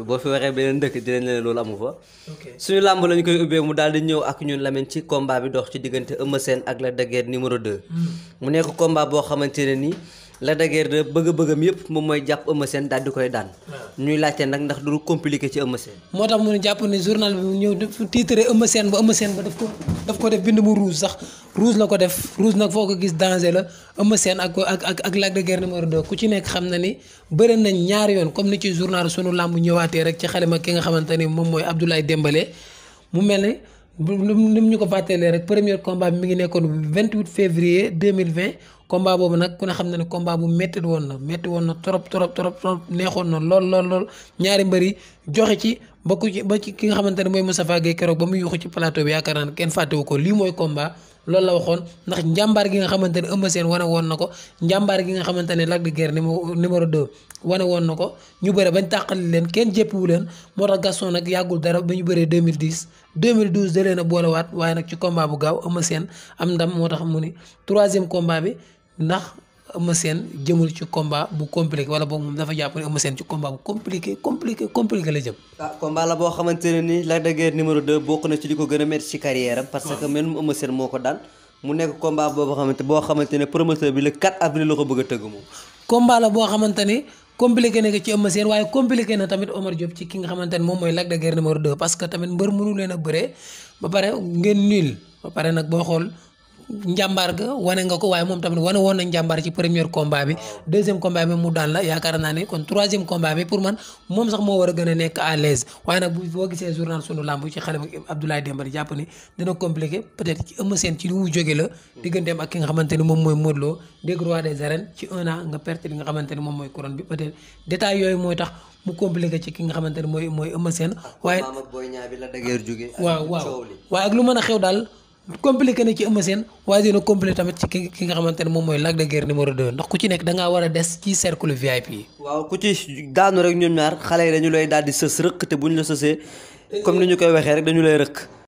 fi boo fi waree beneen dëkk dinañ leen loolu amu fa. suñu làmb lañ koy ubbee mu daal di ñëw ak ñun Lamine ci combat bi dox ci diggante Eumeu Sène ak Lac de Guiers numéro hmm. mu nekk combat boo xamante nii. Lac de Guiers de bëgg yëpp moom mooy jàpp Eumeu Sène daal di koy daan. ñuy laajte nag ndax du compliqué ci Eumeu Sène. moo tax mu ne jàpp ne journal bi ñëw def titre Eumeu Sène ko daf ko def bind mu rouge sax rouge la ko def rouge nag foo ko gis danger la Eumeu seen ak ak ak ak Lac de Guiers numéro ku ci nekk xam na ni bëri nañ ñaari yoon comme ni ci journal sunu làmb ñëwaatee rek ci xalima ki nga xamante ni moom mooy Abdoulaye Dembélé mu mel ni ni mu ñu ko fàttelee rek première combat bi mi ngi nekkoon vingt 28 février 2020 combat boobu nag ku ne xam na ne combat bu métti woon na métti woon na trop trop trop trop neexoon na lool lool lool ñaari mbër joxe ci ba ku ci ba ci ki nga xamante ne mooy Moustapha Gueye keroog ba mu yuuxu ci plateau bi yaakaar naa ne kenn fàttewu ko lii mooy combat. loolu la waxoon ndax njàmbaar gi nga xamante ne Eumeu Sène wane woon na ko njàmbaar gi nga xamante ne Lac de Guiers numéro 2 wane woon na ko ñu bëre bañ tàqali leen kenn jéppiwu leen moo tax Gaston nag yàggul dara ba ñu bëree 2010 2012 da leen a boolewaat waaye nag ci combat bu gaaw Eumeu seen am ndam moo tax mu ni troisième combat bi ndax Eumeu Sène jëmul ci combat bu compliqué wala boobu moom dafa jàpp ne Eumeu Sène ci combat bu compliqué compliqué la jëm. ah la boo xamante ne ni Lac de Guiers numéro 2 ko bëgg a tëgg moom. combat la boo xamante ni compliqué ci Eumeu Sène waaye compliqué na tamit Omar Diop ci ki nga xamante moom mooy Lac de parce que tamit mbër mënu leen a bëree ba pare ngeen nul ba pare nag boo xool. njàmbaar ga wane nga ko waaye moom tamit wane woon na njàmbaar ci premier combat bi deuxième combat bi mu daan la yaakaar naa ne kon troisième combat bi pour man moom sax moo war a gën a nekk à l'aise waaye nag bu ki nga xamante ne moom mooy waaw waaw waaye ak lu mën a xew daal compliqué na ci Eumeu Sène waaye dina compliqué tamit ci ki ki nga xamante ne moom mooy Lac de Guiers numéro ndax ku ci nekk da war a des ci cercle VIP yi. waaw ku ci daanu rek ñoom ñaar xale yi dañu lay daal di sës rëkk te buñ la sësee comme ni ñu koy waxee rek dañu lay rëkk.